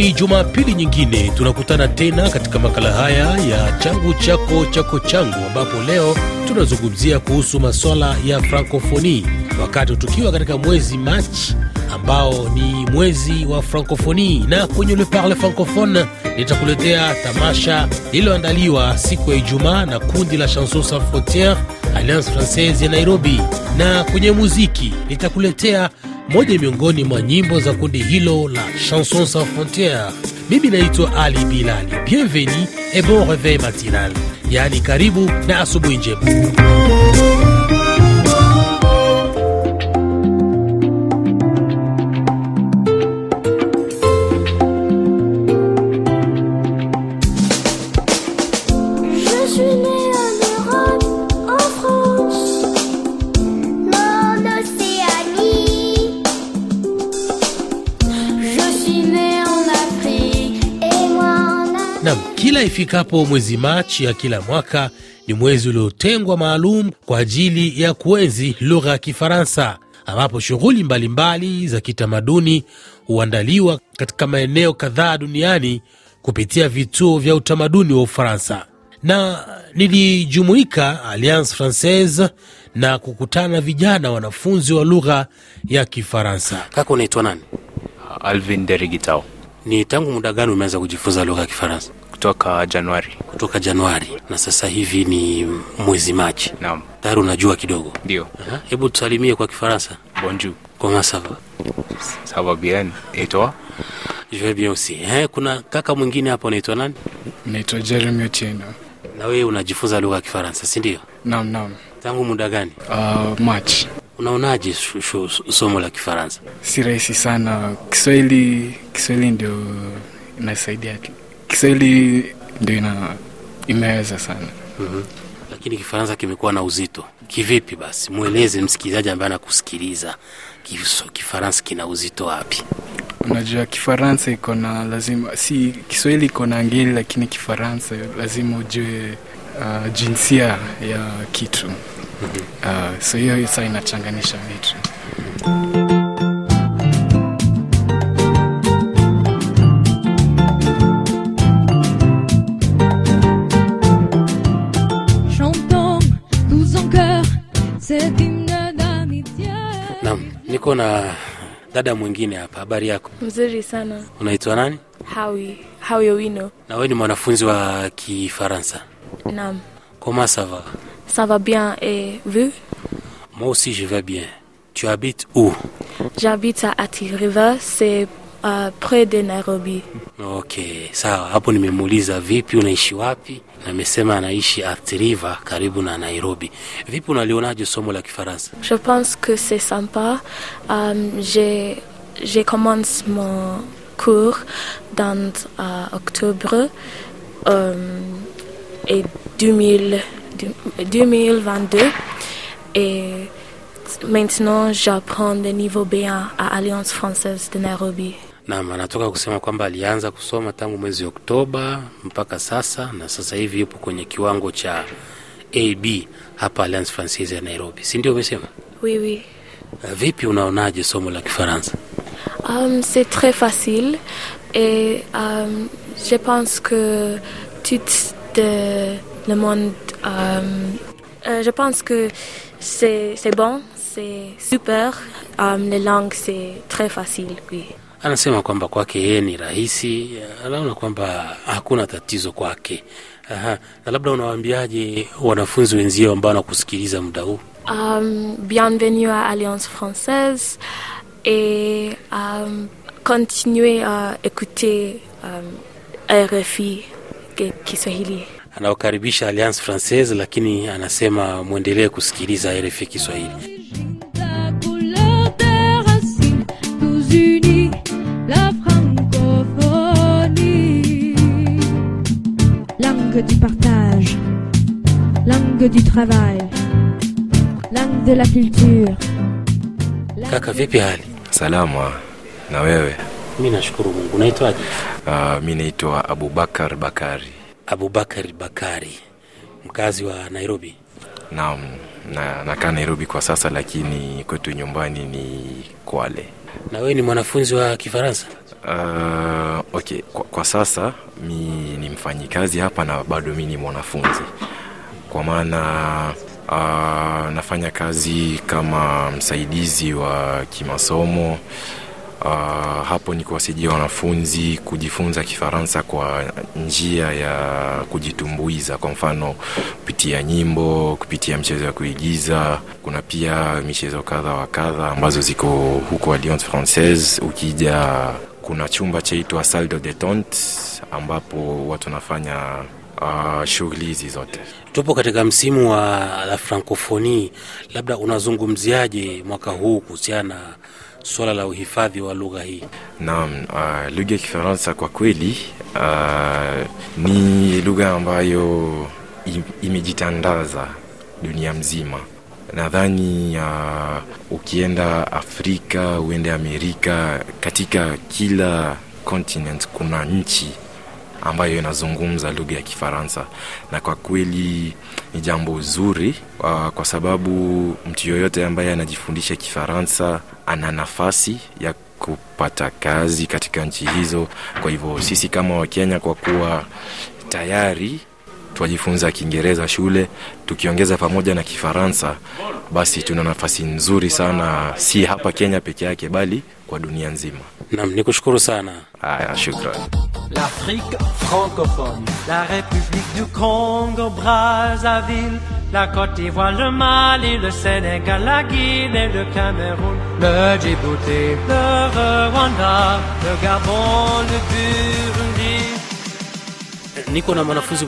Ni Jumapili nyingine tunakutana tena katika makala haya ya changu chako chako changu, ambapo leo tunazungumzia kuhusu maswala ya Frankofoni wakati tukiwa katika mwezi Machi ambao ni mwezi wa Frankofoni, na kwenye Le Parle Francophone nitakuletea tamasha lililoandaliwa siku ya Ijumaa na kundi la Chanson Sans Frontiere Alliance Francaise ya Nairobi, na kwenye muziki nitakuletea moja miongoni mwa nyimbo za kundi hilo la Chanson Sans Frontiere. Mimi naitwa Ali Bilali. Bienvenue et bon reveil matinal, yaani karibu na asubuhi njema. ifikapo mwezi Machi ya kila mwaka ni mwezi uliotengwa maalum kwa ajili ya kuenzi lugha ya Kifaransa, ambapo shughuli mbalimbali za kitamaduni huandaliwa katika maeneo kadhaa duniani kupitia vituo vya utamaduni wa Ufaransa. Na nilijumuika Alliance Francaise na kukutana vijana wanafunzi wa lugha ya Kifaransa. Kaka, unaitwa nani? Alvin Derigitao. Ni tangu muda gani umeanza kujifunza lugha ya Kifaransa? kutoka Januari. Kutoka Januari na sasa hivi ni mwezi Machi. Naam, tayari unajua kidogo. Ndio, hebu tusalimie kwa Kifaransa. Bonjour, comment ça va? Ça va bien et toi? Je vais bien aussi. Eh, kuna kaka mwingine hapo anaitwa nani? Naitwa Jeremy Otieno. Na wewe unajifunza lugha ya Kifaransa, si ndio? Naam, naam. Tangu muda gani? Uh, March. Unaonaje somo la Kifaransa? Si rahisi sana. Kiswahili Kiswahili ndio inasaidia Kiswahili ndio ina imeweza sana mm-hmm. Lakini Kifaransa kimekuwa na uzito kivipi? Basi mweleze msikilizaji ambaye anakusikiliza Kifaransa kina uzito wapi? Unajua Kifaransa iko na lazima, si Kiswahili iko na ngeli, lakini Kifaransa lazima ujue uh, jinsia ya kitu mm-hmm. uh, so hiyo sa inachanganisha vitu mm-hmm. Tuko na dada mwingine hapa. Habari yako? Mzuri sana. Unaitwa nani? Hawi. Hawi Owino. Na wewe ni mwanafunzi wa Kifaransa? Naam. Comment ça va? Ça va bien et vous? Moi aussi je vais bien. Tu habites où? J'habite à Ati River, c'est Uh, près de Nairobi. Okay, sawa. Hapo nimemuuliza vipi, unaishi wapi, na amesema anaishi Aft River karibu na Nairobi. Vipi, unalionaje somo la Kifaransa? Je pense que c'est sympa. Um, je, je commence mon cours dans uh, octobre um, et 2000, 2022 et maintenant j'apprends le niveau B1 à Alliance française de Nairobi. Naam, anatoka kusema kwamba alianza kusoma tangu mwezi Oktoba mpaka sasa, na sasa hivi yupo kwenye kiwango cha AB hapa Alliance Francaise ya Nairobi, si ndio? Umesema oui, oui. Uh, vipi unaonaje somo la Kifaransa? Um, c'est très facile et um, je pense que tout de, le monde um, euh, je pense que c'est bon, c'est super. Um, les langues, c'est très facile, oui. anasema kwamba kwake yeye ni rahisi, anaona kwamba hakuna tatizo kwake. Aha. Na labda unawaambiaje wanafunzi wenzio ambao wanakusikiliza muda huu? Um, bienvenue à Alliance Francaise et um, continuez uh, écouter um, RFI Kiswahili. Anawakaribisha Alliance Francaise, lakini anasema mwendelee kusikiliza RFI Kiswahili. du partage, langue du travail, langue de la culture. Kaka, vipi hali? Salama. Na wewe? Mimi nashukuru Mungu. Unaitwaje? Uh, mimi naitwa Abubakar Bakari. Abubakar Bakari, mkazi wa Nairobi. Naam na nakaa Nairobi kwa sasa, lakini kwetu nyumbani ni Kwale. Na wewe ni mwanafunzi wa Kifaransa? Uh, okay. Kwa, kwa sasa mi ni mfanyikazi hapa na bado mi ni mwanafunzi kwa maana uh, nafanya kazi kama msaidizi wa kimasomo Uh, hapo ni kuwasaidia wanafunzi kujifunza Kifaransa kwa njia ya kujitumbuiza, kwa mfano kupitia nyimbo, kupitia mchezo ya kuigiza. Kuna pia michezo kadha wa kadha ambazo ziko huko Alliance Francaise. Ukija kuna chumba chaitwa saldo de tont ambapo watu wanafanya Uh, shughuli hizi zote. Tupo katika msimu wa la Francophonie, labda unazungumziaje mwaka huu kuhusiana na swala la uhifadhi wa lugha hii? Naam, uh, lugha ya Kifaransa kwa kweli uh, ni lugha ambayo imejitandaza dunia mzima. Nadhani uh, ukienda Afrika, uende Amerika, katika kila continent kuna nchi ambayo inazungumza lugha ya Kifaransa, na kwa kweli ni jambo zuri ah, kwa sababu mtu yoyote ambaye anajifundisha Kifaransa ana nafasi ya kupata kazi katika nchi hizo. Kwa hivyo sisi kama Wakenya, kwa kuwa tayari twajifunza Kiingereza shule, tukiongeza pamoja na Kifaransa, basi tuna nafasi nzuri sana, si hapa Kenya peke yake, bali kwa dunia nzima. Nam, ni kushukuru sana. Haya, shukrani. l'Afrique francophone, la République du Congo, Brazzaville, la Côte d'Ivoire, le Mali, le Sénégal, la Guinée, le Cameroun, le Djibouti, le Rwanda, le Gabon, le Burundi. Niko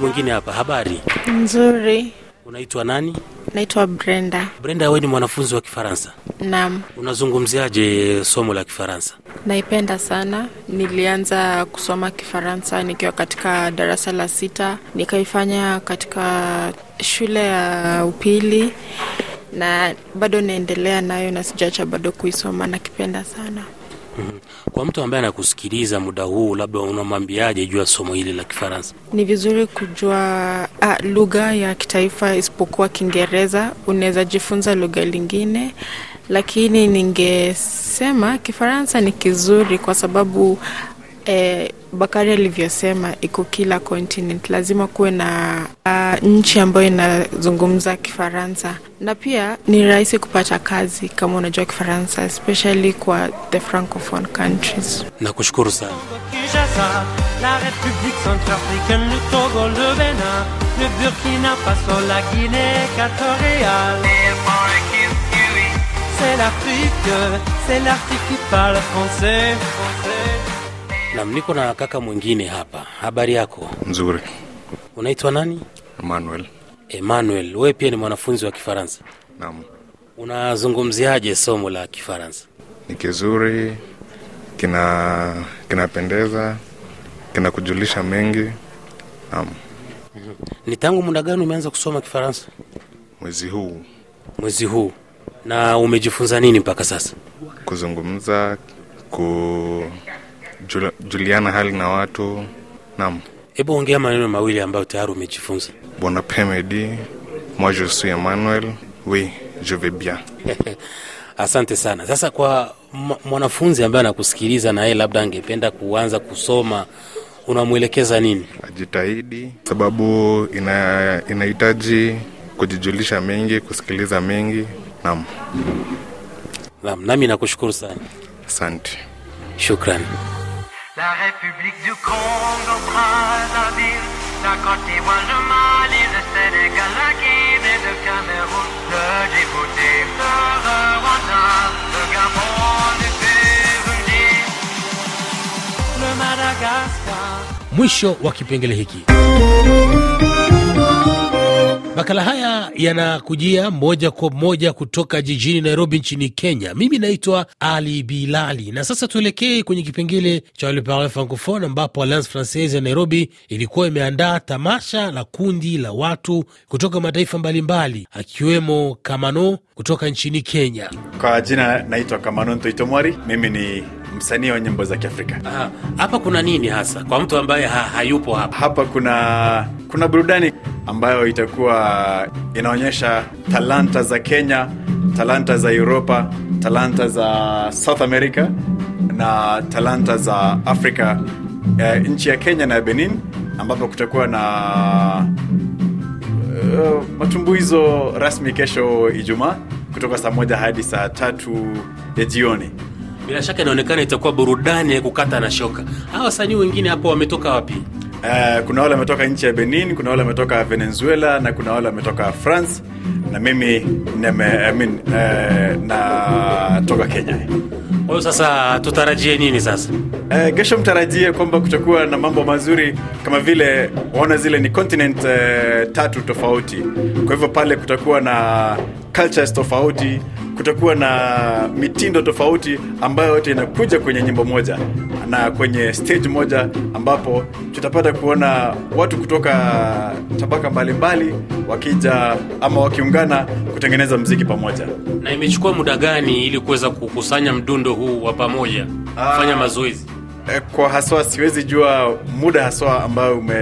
mwingine Habari nzuri. Unaitwa nani? Naitwa Brenda. Brenda, wewe ni mwanafunzi wa Kifaransa? Naam. Unazungumziaje somo la Kifaransa? Naipenda sana. Nilianza kusoma Kifaransa nikiwa katika darasa la sita, nikaifanya katika shule ya upili na bado naendelea nayo na sijaacha bado kuisoma, nakipenda sana. Mhm. Kwa mtu ambaye anakusikiliza muda huu, labda unamwambiaje juu ya somo hili la Kifaransa? Ni vizuri kujua ah, lugha ya kitaifa isipokuwa Kiingereza, unaweza jifunza lugha lingine, lakini ningesema Kifaransa ni kizuri kwa sababu Eh, Bakari alivyosema iko kila continent, lazima kuwe na uh, nchi ambayo inazungumza Kifaransa na pia ni rahisi kupata kazi kama unajua Kifaransa, especially kwa the francophone countries. kushukuru sana. C'est l'Afrique, c'est l'Afrique qui parle français. Nam, niko na kaka mwingine hapa. Habari yako? Nzuri. Unaitwa nani? Emmanuel. Emmanuel, wewe pia ni mwanafunzi wa Kifaransa? Naam. Unazungumziaje somo la Kifaransa? Ni kizuri, kina kinapendeza, kinakujulisha mengi. Naam. Ni tangu muda gani umeanza kusoma Kifaransa? Mwezi huu. Mwezi huu. Na umejifunza nini mpaka sasa? Kuzungumza, ku kujuliana hali na watu. nam hebu ongea maneno mawili ambayo tayari umejifunza. bwana pemedi moi je suis Emmanuel oui je vais bien Asante sana. Sasa kwa mwanafunzi ambaye anakusikiliza na yeye labda angependa kuanza kusoma, unamwelekeza nini? Ajitahidi, sababu ina, inahitaji kujijulisha mengi, kusikiliza mengi. Naam, naam, nami nakushukuru sana. Asante, shukrani. La République du Congo, Brazzaville, la Côte d'Ivoire, le Mali, le Sénégal, la Guinée, le Cameroun, le Djibouti, le Rwanda, le Gabon, le Burundi, le Madagascar. Mwisho wa kipengele Makala haya yanakujia moja kwa moja kutoka jijini Nairobi nchini Kenya. Mimi naitwa Ali Bilali, na sasa tuelekee kwenye kipengele cha Le Parle Francophone, ambapo Alliance Francaise ya Nairobi ilikuwa imeandaa tamasha la kundi la watu kutoka mataifa mbalimbali, akiwemo Kamano kutoka nchini Kenya. Kwa jina naitwa Kamano Ntoitomwari, mimi ni msanii wa nyimbo za Kiafrika. Hapa kuna nini hasa kwa mtu ambaye ha, hayupo hapa? Hapa kuna kuna burudani ambayo itakuwa inaonyesha talanta za Kenya, talanta za Europa, talanta za South America na talanta za Afrika e, nchi ya Kenya na Benin ambapo kutakuwa na e, matumbuizo rasmi kesho Ijumaa kutoka saa moja hadi saa tatu ya jioni. Bila shaka inaonekana itakuwa burudani ya kukata na shoka. Hawa wasanii wengine hapo wametoka wapi? Uh, kuna wale wametoka nchi ya Benin, kuna wale wametoka Venezuela na kuna wale wametoka France na mimi neme, I mean, uh, natoka Kenya. Kwa hiyo sasa tutarajie nini sasa? Uh, kesho mtarajie kwamba kutakuwa na mambo mazuri kama vile waona zile ni continent uh, tatu tofauti, kwa hivyo pale kutakuwa na cultures tofauti kutakuwa na mitindo tofauti ambayo yote inakuja kwenye nyimbo moja na kwenye stage moja, ambapo tutapata kuona watu kutoka tabaka mbalimbali wakija ama wakiungana kutengeneza mziki pamoja. Na imechukua muda gani ili kuweza kukusanya mdundo huu wa pamoja kufanya ah, mazoezi? Eh, kwa haswa siwezi jua muda haswa ambayo ume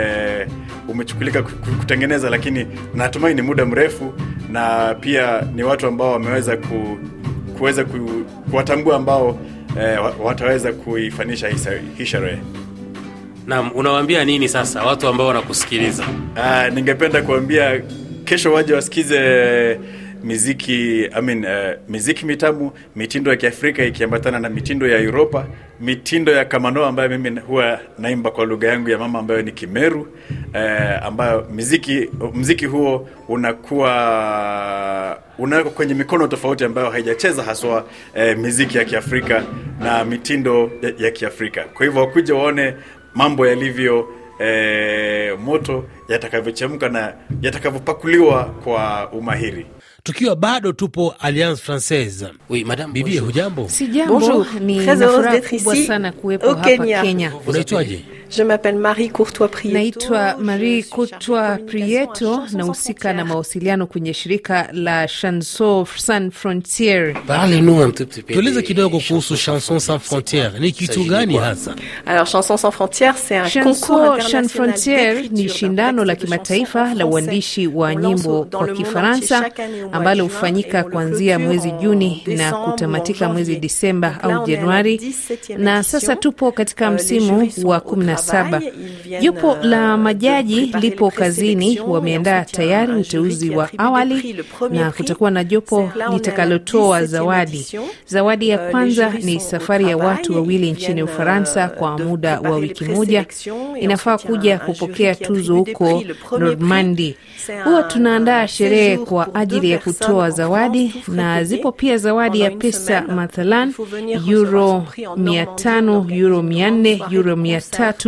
umechukulika kutengeneza, lakini natumai ni muda mrefu na pia ni watu ambao wameweza ku, kuweza ku, kuwatambua ambao eh, wataweza kuifanisha hii sherehe. nam unawaambia nini sasa watu ambao wanakusikiliza? Ah, ningependa kuambia kesho waje wasikize miziki I mean, uh, miziki mitamu, mitindo ya Kiafrika ikiambatana na mitindo ya Europa, mitindo ya kamano ambayo mimi huwa naimba kwa lugha yangu ya mama ambayo ni Kimeru, uh, ambayo miziki, mziki huo unakuwa unawekwa kwenye mikono tofauti ambayo haijacheza haswa uh, miziki ya Kiafrika na mitindo ya, ya Kiafrika. Kwa hivyo wakuja waone mambo yalivyo E, moto yatakavyochemka na yatakavyopakuliwa kwa umahiri tukiwa bado tupo Alliance Francaise. Oui, madame, bibie hujambo? Sijambo, ni furaha kubwa sana kuwepo hapa Kenya. Unaitwaje? Je m'appelle Marie Courtois Prieto. Naitwa Marie Courtois Prieto, nahusika na mawasiliano kwenye shirika la Chanson Sans Frontiere. Tueleze kidogo kuhusu Chanson Sans Frontiere, ni kitu gani hasa? Alors, Chanson Sans Frontiere, c'est un concours Sans Frontiere ni shindano la kimataifa la uandishi wa nyimbo kwa Kifaransa ambalo hufanyika kuanzia mwezi Juni na kutamatika mwezi Disemba au Januari, na sasa tupo katika euh, msimu wa saba. Jopo euh, la majaji lipo kazini, wameandaa tayari uteuzi wa awali na kutakuwa na jopo litakalotoa zawadi. Zawadi ya euh, kwanza ni safari ya watu wawili nchini euh, Ufaransa kwa muda wa wiki moja, inafaa kuja kupokea tuzo huko Normandi. Huwa tunaandaa sherehe kwa ajili ya kutoa zawadi, na zipo pia zawadi ya pesa, mathalan euro mia tano, euro mia nne, euro mia tatu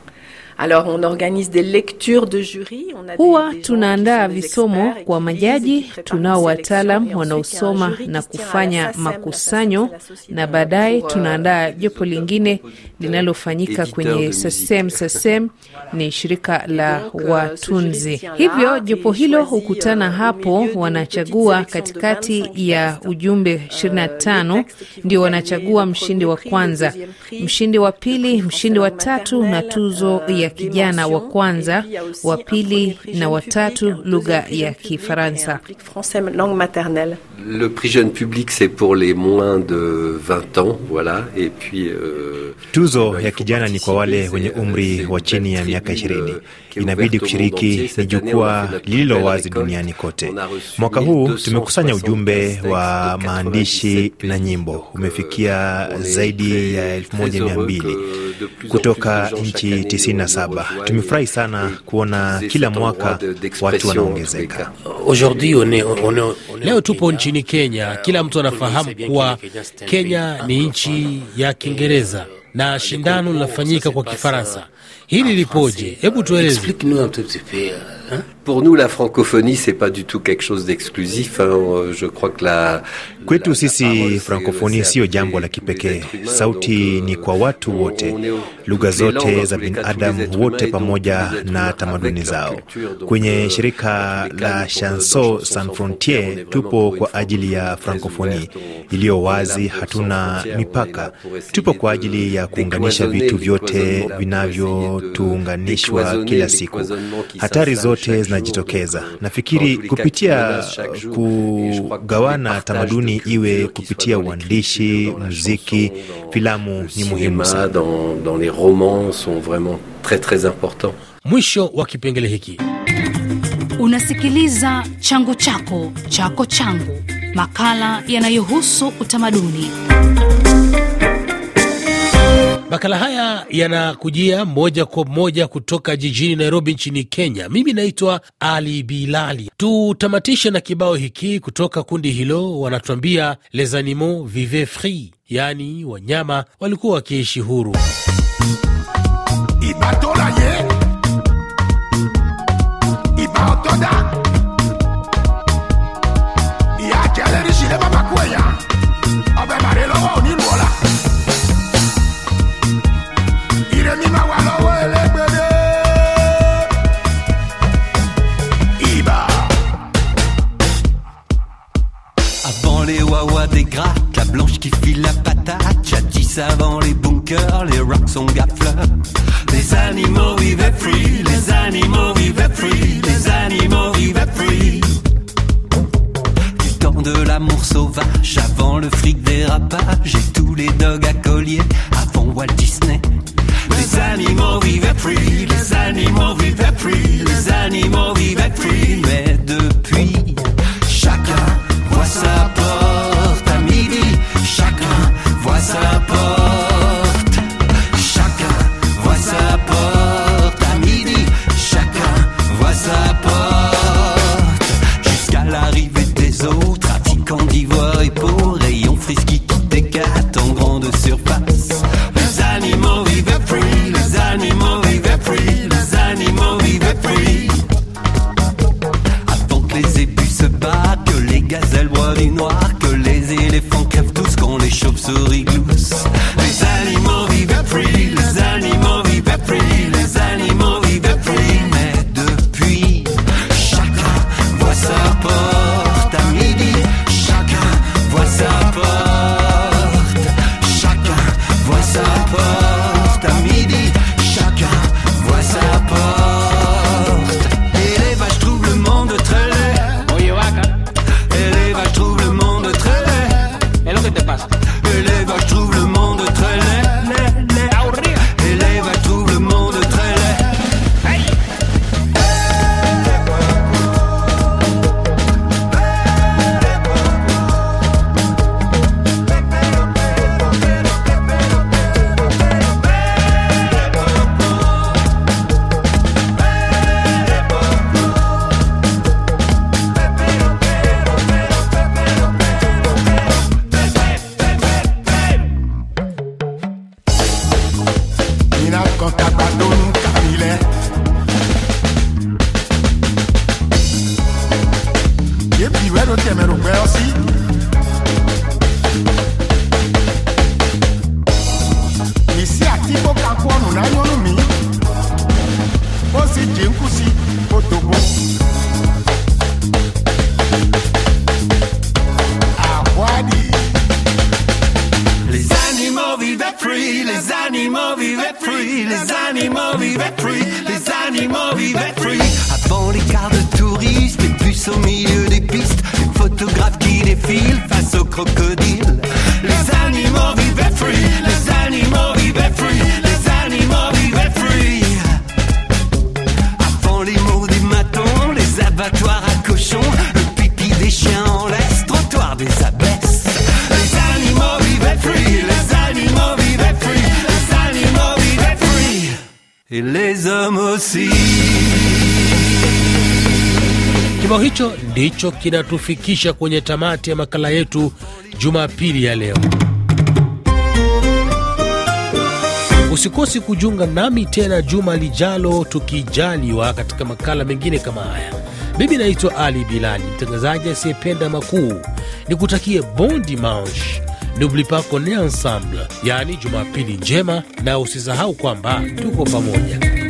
Huwa tunaandaa visomo kwa majaji, tunao wataalam wanaosoma na kufanya makusanyo, na baadaye tunaandaa jopo lingine linalofanyika kwenye SACEM. SACEM ni shirika la euh, watunzi, hivyo jopo hilo hukutana euh, hapo, wanachagua katikati ya ujumbe 25 euh, ndio wanachagua mshindi wa kwanza, mshindi wa pili, mshindi wa tatu na tuzo ya kijana wa kwanza, wa pili na watatu lugha ya Kifaransa. Le prix jeune public c'est pour les moins de 20 ans, voilà, et puis euh, tuzo ya kijana ni kwa wale wenye umri wa chini ya miaka ishirini. Euh, Inabidi kushiriki, ni jukwaa lililo wazi duniani kote. Mwaka huu tumekusanya ujumbe wa maandishi na nyimbo umefikia euh, zaidi ya 1200 kutoka nchi 97 saba. Tumefurahi sana kuona kila mwaka watu wanaongezeka. Leo tupo nchini Kenya, kila mtu anafahamu kuwa Kenya ni nchi ya Kiingereza na shindano linafanyika kwa Kifaransa. Hili lipoje? Hebu tueleze. Pour nous, la francophonie, c'est pas du tout quelque chose d'exclusif. Hein. Euh, je crois que la kwetu la, sisi frankofoni siyo jambo la kipekee. Sauti euh, ni kwa watu wote, lugha zote za binadamu wote, pamoja na tamaduni zao. Kwenye euh, shirika la Chanson Sans Frontiere tupo kwa ajili ya francophonie iliyo wazi, hatuna mipaka. Tupo kwa ajili ya kuunganisha vitu vyote vinavyotuunganishwa kila siku, hatari zote zote zinajitokeza. Nafikiri kupitia kugawana tamaduni, iwe kupitia uandishi, muziki, filamu, ni muhimu sana. Mwisho wa kipengele hiki. Unasikiliza changu chako chako changu, makala yanayohusu utamaduni. Makala haya yanakujia moja kwa moja kutoka jijini Nairobi nchini Kenya. Mimi naitwa Ali Bilali. Tutamatishe na kibao hiki kutoka kundi hilo, wanatuambia les animaux vivent free, yaani wanyama walikuwa wakiishi huru. Ibatola ye. Ibatoda. des grattes, la blanche qui file la patate, jadis avant les bunkers, les rocks sont gafleurs. Les animaux vivaient free, les animaux vivaient free, les animaux vivaient free. Du temps de l'amour sauvage, avant le fric des dérapage, j'ai tous les dogs à collier, avant Walt Disney. Les animaux vivaient free, les animaux vivaient free, les animaux vivaient free. Mais depuis Sabah les animaux vivent free, les animaux vivent free. Avant les quarts de touristes, les puces au milieu des pistes, les photographes qui défilent face aux crocodiles. et les hommes aussi. Kibao hicho ndicho kinatufikisha kwenye tamati ya makala yetu Jumapili ya leo. Usikosi kujiunga nami tena juma lijalo, tukijaliwa, katika makala mengine kama haya. Mimi naitwa Ali Bilali, mtangazaji asiyependa makuu, nikutakie bon dimanche. N'oublie pas qu'on est ensemble, yaani Jumapili njema, na usisahau kwamba tuko pamoja.